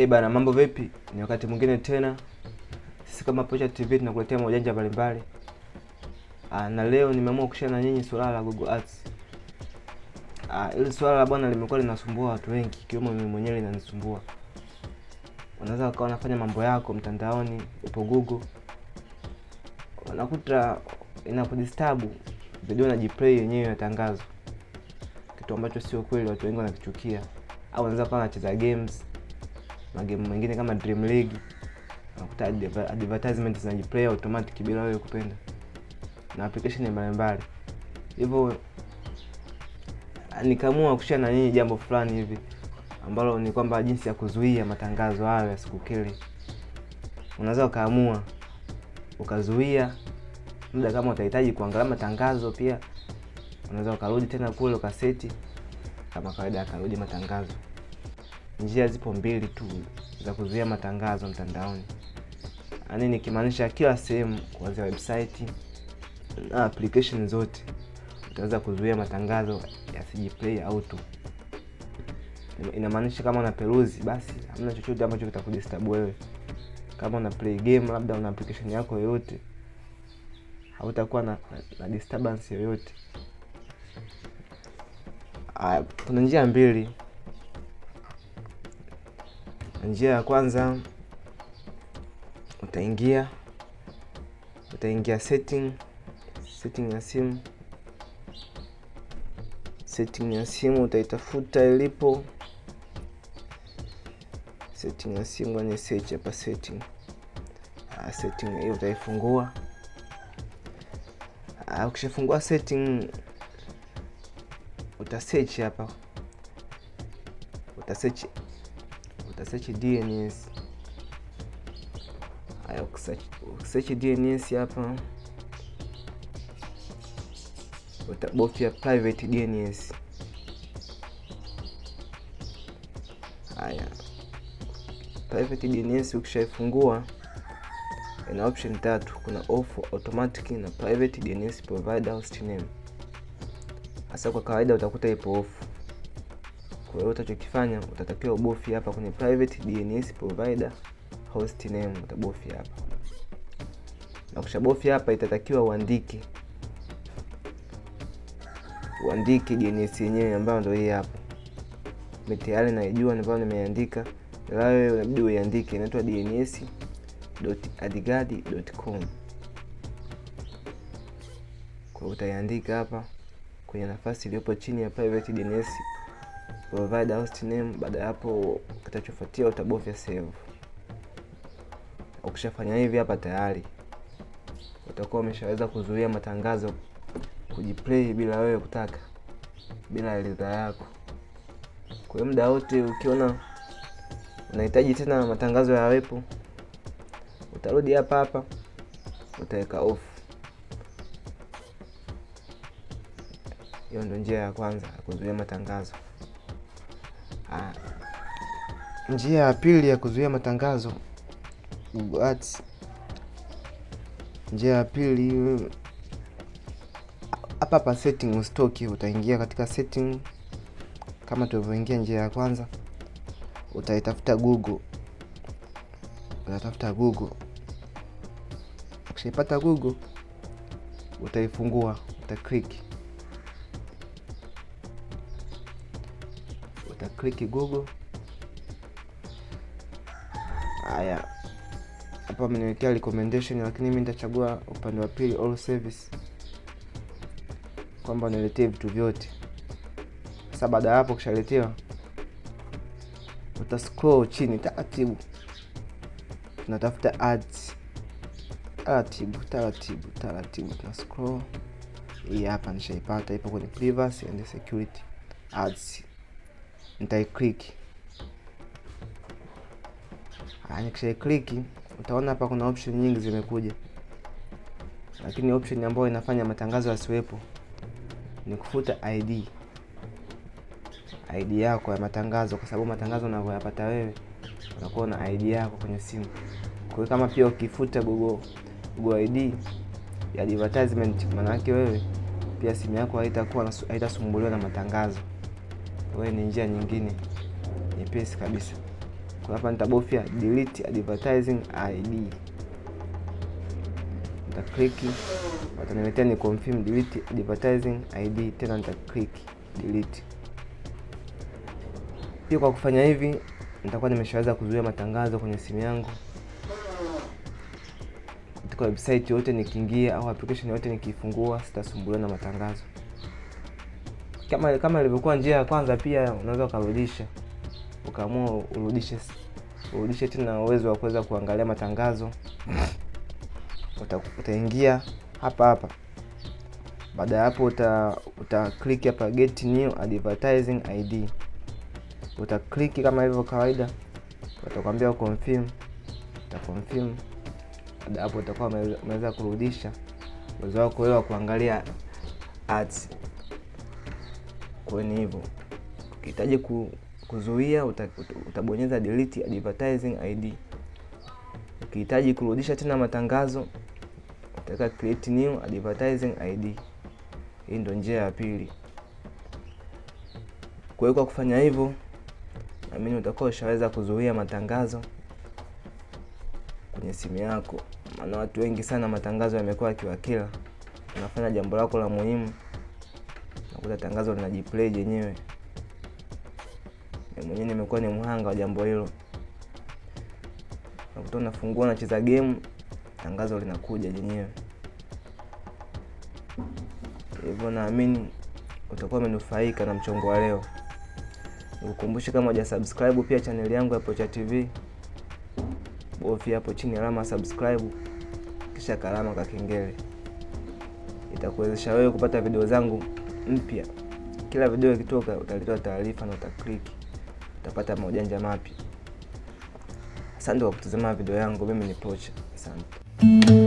Hey eh, bana, mambo vipi? Ni wakati mwingine tena, sisi kama Pocha TV tunakuletea maujanja mbalimbali, ah, na leo nimeamua kushare na nyinyi swala la Google Ads. Ah, hili swala la bwana limekuwa linasumbua watu wengi, ikiwemo mimi mwenyewe linanisumbua. Unaweza ukawa unafanya mambo yako mtandaoni, upo Google, unakuta inakudisturb video na jiplay yenyewe ya tangazo, kitu ambacho sio kweli, watu wengi wanakichukia, au unaweza kuwa unacheza games magemu mengine kama Dream League unakuta advertisement zinajiplay automatic bila wewe kupenda, na application mbalimbali hivyo. Nikaamua kushia na nyinyi jambo fulani hivi ambalo ni kwamba jinsi ya kuzuia matangazo hayo yasikukere. Unaweza ukaamua ukazuia muda, kama utahitaji kuangalia matangazo pia unaweza ukarudi tena kule ukaseti kama kawaida, akarudi matangazo njia zipo mbili tu za kuzuia matangazo mtandaoni, yaani nikimaanisha kila sehemu, kuanzia website na application zote utaweza kuzuia matangazo yasijiplay tu. Inamaanisha kama una peruzi, basi hamna chochote ambacho kitakudisturb wewe. Kama una play game, labda una application yako yoyote, hautakuwa na, na disturbance yoyote. Kuna njia mbili Njia ya kwanza utaingia utaingia setting setting ya simu setting ya simu utaitafuta ilipo setting ya simu kwenye search hapa setting ah, setting hiyo utaifungua. Ah, ukishafungua setting uta search hapa, uta search tasearch DNS. Haya, ukisearch DNS hapa utabofya private DNS. Haya, private DNS ukishaifungua ina option tatu, kuna off automatic na private DNS provider host name. Hasa kwa kawaida utakuta ipo off kwa hiyo utachokifanya utatakiwa ubofi hapa kwenye private DNS provider host name, utabofi hapa na kushabofi hapa, itatakiwa uandike uandike DNS yenyewe ambayo ndio hii hapa. Mimi tayari naijua ambayo nimeandika, ila wewe unabidi uiandike, inaitwa dns.adigadi.com. Kwa utaiandika hapa kwenye nafasi iliyopo chini ya private DNS provide host name. Baada ya hapo, kitachofuatia utabofya save. Ukishafanya hivi, hapa tayari utakuwa umeshaweza kuzuia matangazo kujiplay bila wewe kutaka, bila ridha yako. Kwa hiyo muda wote ukiona unahitaji tena matangazo yawepo, utarudi hapa hapa, utaweka off. Hiyo ndio njia ya kwanza kuzuia matangazo. Ah. Njia ya pili ya kuzuia matangazo Ads. Njia ya pili hapa hapa setting usitoki, utaingia katika setting kama tulivyoingia njia ya kwanza, utaitafuta Google, utatafuta Google. Ukishaipata Google utaifungua, uta click nita click Google. Haya, hapa ameniwekea recommendation, lakini mimi nitachagua upande wa pili all service, kwamba niletee vitu vyote. Sasa baada ya hapo kushaletewa, uta scroll chini taratibu, tunatafuta ads taratibu taratibu taratibu, ta scroll hii hapa nishaipata, ipo kwenye privacy and security ads nitaikliki. Ah, Nikishaikliki utaona hapa kuna option nyingi zimekuja, lakini option ambayo inafanya matangazo yasiwepo ni kufuta ID ID yako ya matangazo, kwa sababu matangazo unavyoyapata wewe unakuwa na ID yako kwenye simu. Kwa kama pia ukifuta Google, Google ID ya advertisement, maana wewe pia simu yako haitakuwa haitasumbuliwa na matangazo wewe ni njia nyingine nyepesi kabisa. Kwa hapa nitabofya delete advertising ID, nitakliki, wataniletea ni confirm delete advertising ID, tena click delete. Pia kwa kufanya hivi nitakuwa nimeshaweza kuzuia matangazo kwenye simu yangu katika website yote nikiingia au application yote nikifungua, sitasumbuliwa na matangazo kama kama ilivyokuwa njia ya kwanza, pia unaweza ukarudisha, ukaamua urudishe urudishe tena uwezo wa kuweza kuangalia matangazo uta, utaingia hapa hapa. Baada ya hapo, uta uta click hapa get new advertising ID, uta click kama ilivyo kawaida, watakwambia confirm, uta confirm. Baada hapo, utakuwa umeweza kurudisha uwezo wako wewe wa kuangalia ads. Kwa ni hivyo, ukihitaji kuzuia uta, utabonyeza delete advertising ID. Ukihitaji kurudisha tena matangazo utaweka create new advertising ID. Hii ndio njia ya pili. Kwa hiyo kwa kufanya hivyo, naamini utakuwa ushaweza kuzuia matangazo kwenye simu yako, maana watu wengi sana matangazo yamekuwa yakiwakila. Unafanya jambo lako la muhimu kuta tangazo linajiplay yenyewe. Mimi mwenyewe nimekuwa ni mhanga wa jambo hilo, unakuta unafungua unacheza game, tangazo linakuja yenyewe hivyo. Naamini utakuwa umenufaika na mchongo wa leo. Nikukumbushe kama hujasubscribe pia chaneli yangu ya Pocha TV, bofya hapo chini alama subscribe, kisha kalama ka kengele, itakuwezesha wewe kupata video zangu mpya. Kila video ikitoka utaletewa taarifa na utakliki, utapata maujanja mapya. Asante kwa kutazama video yangu. Mimi ni Pocha, asante.